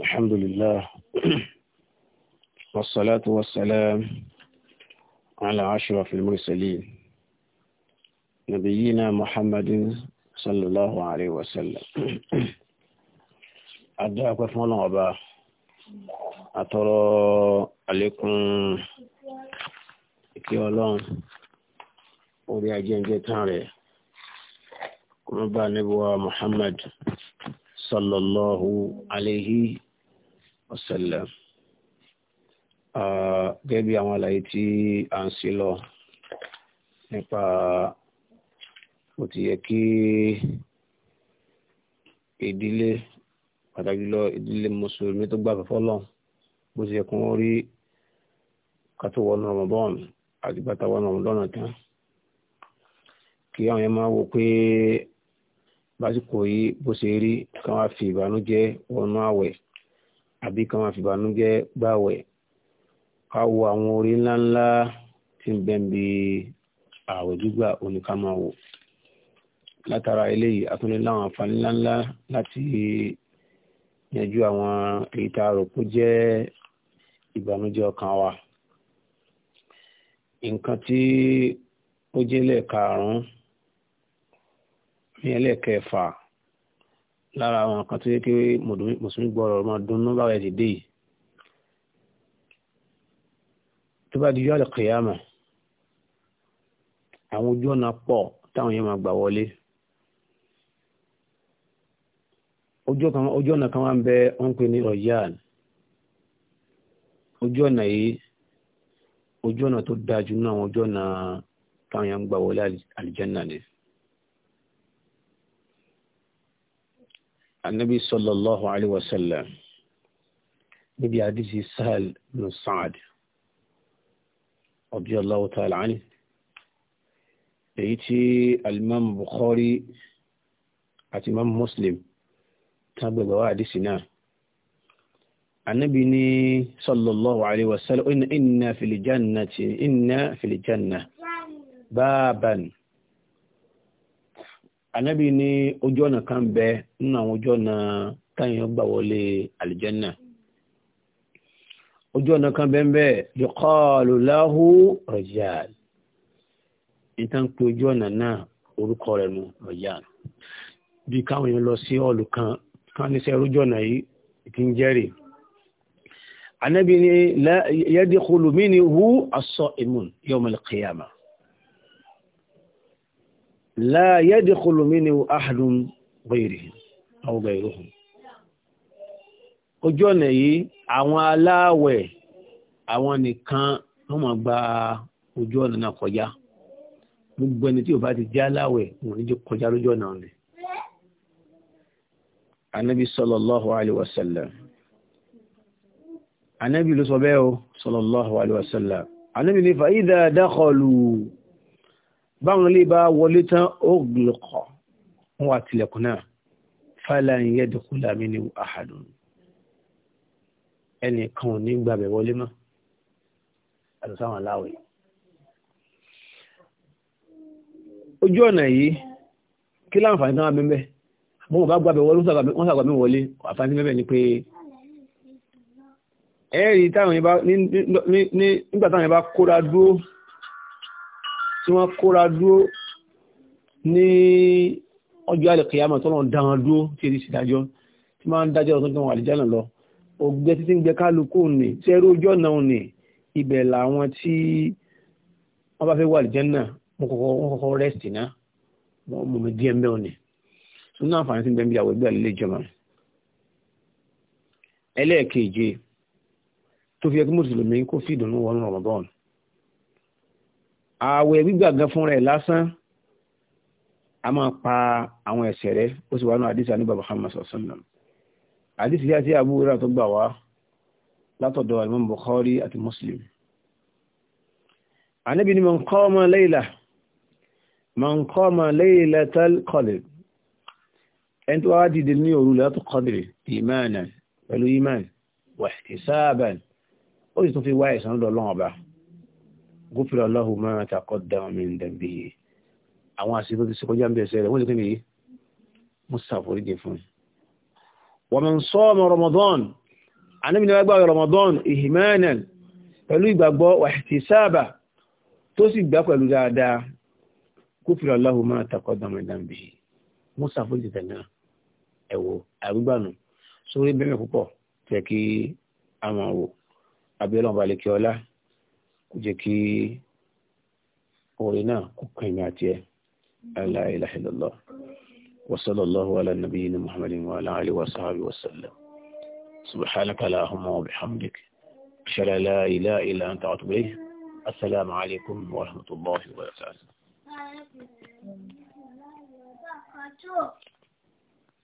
الحمد لله والصلاة والسلام على أشرف المرسلين نبينا محمد صلى الله عليه وسلم أدعى كفم الله أبا أترى عليكم كي أولون ودي أجين wọ́n bá níbúwa Muhammad sallallahu alayhi wa sallam gẹ́gẹ́ bí àwọn àlàyé tí a ń ṣe lọ nípa ó ti yẹ kí ìdílé pàtàkì lọ ìdílé mùsùlùmí tó gbàgbé fọlọ́n bó ṣe kún rí kátó wọnú Ramadan àti bàtà wọnú Ramadan tán kí àwọn yẹn máa wò pé lásìkò yìí bó ṣe rí kàn wá fi ìbànújẹ́ wọnú àwẹ̀ àbí kàn wá fi ìbànújẹ́ gbàwẹ̀ ká wo àwọn orí ńláńlá tí ń bẹ níbi àwẹ̀ gbígbà oníkàmáwò látara eléyìí atúndínlá àwọn àǹfààní ńláńlá láti yanjú àwọn èyí tá a rò kó jẹ́ ìbànújẹ́ ọkàn wa nǹkan tí ó jẹ́ lẹ́ẹ̀karùn-ún ìyẹn lẹ́ẹ̀kẹfà lára àwọn kan tó yẹ kí mùsùlùmí gbọ́rọ̀ máa dunnú báwa ẹ̀ dìde yìí tó bá di yọ àlùkìyàmà àwọn ojú ọ̀nà pọ̀ táwọn yẹn máa gbà wọlé ojú ọ̀nà kan wá ń bẹ wọ́n ń pè ní royal ojú ọ̀nà yìí ojú ọ̀nà tó dáa jù nínú ojú ọ̀nà táwọn yẹn ń gbà wọlé àlìjẹ́nà nìyẹn. anabi sallallahu alayhi wa sallam níbi àdìsí sahal bin saad radiyallahu ta'ala anhu èyí tí alimam bukhari àti imam muslim tá gbẹ̀gbẹ̀ wá àdìsí náà anabi ní sallallahu alayhi wa sallam inna fil jannati inna fil jannah ànábì ní ojú ọ̀nà kan bẹ nínú àwọn ojú ọ̀nà táyàn gbà wọlé àlìjẹ́nà ojú ọ̀nà kan bẹ ń bẹ yuqalu lahu rajal ìtàn pé ojú ọ̀nà náà orúkọ rẹ̀ nù rajal bí káwọn èèyàn lọ sí ọ̀lù kan kan ní sẹ́ ojú ọ̀nà yìí ti ń jẹ́rìí ànábì ní yadkhulu minhu as-sa'imun yawm al-qiyamah la yadkhulu minhu ahadun ghayrihim aw ghayruhum ojú ọ̀nà yìí àwọn aláwẹ̀ àwọn nìkan wọ́n máa gba ojú ọ̀nà náà kọjá gbogbo ẹni tí ò bá ti jẹ́ aláwẹ̀ wọ́n ní kọjá lójú ọ̀nà rẹ̀ anabi sallallahu alaihi wasallam anabi ló sọ bẹ́ẹ̀ o sallallahu alaihi wasallam anabi ní fa idha dakhalu báwọn lè bá wọlé tán ó gbìlọkọ̀ wọn wà tilẹ̀kùn náà fàlà ń yẹ́ dẹ̀kú lámì ní àhàdùn ẹnìkan ò ní gbàbẹ̀ wọlé mọ́ àtúnṣáwọn aláwẹ̀ ojú ọ̀nà yìí kí láǹfààní tán wà mẹ́mẹ́ mo bá gbàbẹ̀ wọlé wọ́n sàgbàmí wọlé àfààní mẹ́mẹ́ ni pé ẹ̀rí táwọn yẹn bá kóra dúró tí wọ́n kóra dúró ní ọjọ́ àlẹ́kìyàmọ̀ tó lọ́n dáhàn dúró tí èdè ìsìdájọ́ tí máa ń dájọ́ ọ̀tọ́ jọ àlìjánà lọ ògbẹ́ títí ń gbẹ kálukú nì tẹ́rù ojú ọ̀nà nì ibẹ̀ làwọn tí wọ́n bá fẹ́ wà àlìjánà wọ́n kọ́kọ́ rẹ́sì náà wọ́n mú mi díẹ̀ mẹ́ òní tó náà àǹfààní sí gbẹ̀mí àwọn ẹgbẹ́ àlejò ẹgbẹ́ mùsùlùmí Ramadan ààwẹ̀ gbígbàgán fún rẹ̀ lásán a máa pa àwọn ẹ̀ṣẹ̀ rẹ̀ ó sì wà nù àdìsí àníbà Muhammad sallam àdìsí yá sí Abu Hurairah tó gbà wá látọ̀dọ̀ Imam Bukhari àti Muslim Ànábì ni man qama layla man qama laylatal qadr ẹni tó wá dìde ní òru lailatul qadr imanan pẹ̀lú iman wa ihtisaban ó sì tún fi wá ẹ̀san lọ́dọ̀ ọba gófìrà aláhùn máa takọ́ dáhùn mi dàbí àwọn àṣírí tó ti kọjá ń bẹ̀ẹ̀ sẹ́rẹ̀ wọ́n ti kí ni mo ṣàforíjì fún wa man sọ́ọ̀mọ̀ Ramadan anábì náà gbàgbọ́ Ramadan ihmanan pẹ̀lú ìgbàgbọ́ wa ihtisaba tó sì gbà pẹ̀lú dáadáa gófìrà aláhùn máa takọ́ dáhùn mi dàbí mo ṣàforíjì tẹ̀lé ẹ̀wọ̀ àrúgbànú sórí bẹ́ẹ̀ púpọ̀ tẹ̀ kí wò abẹ́lẹ́ ọba kí ọlá جكي ورنا كوكينات لا اله الا الله وصلى الله على نبينا محمد وعلى اله وصحبه وسلم سبحانك اللهم وبحمدك اشهد ان لا اله الا انت اتوب السلام عليكم ورحمه الله وبركاته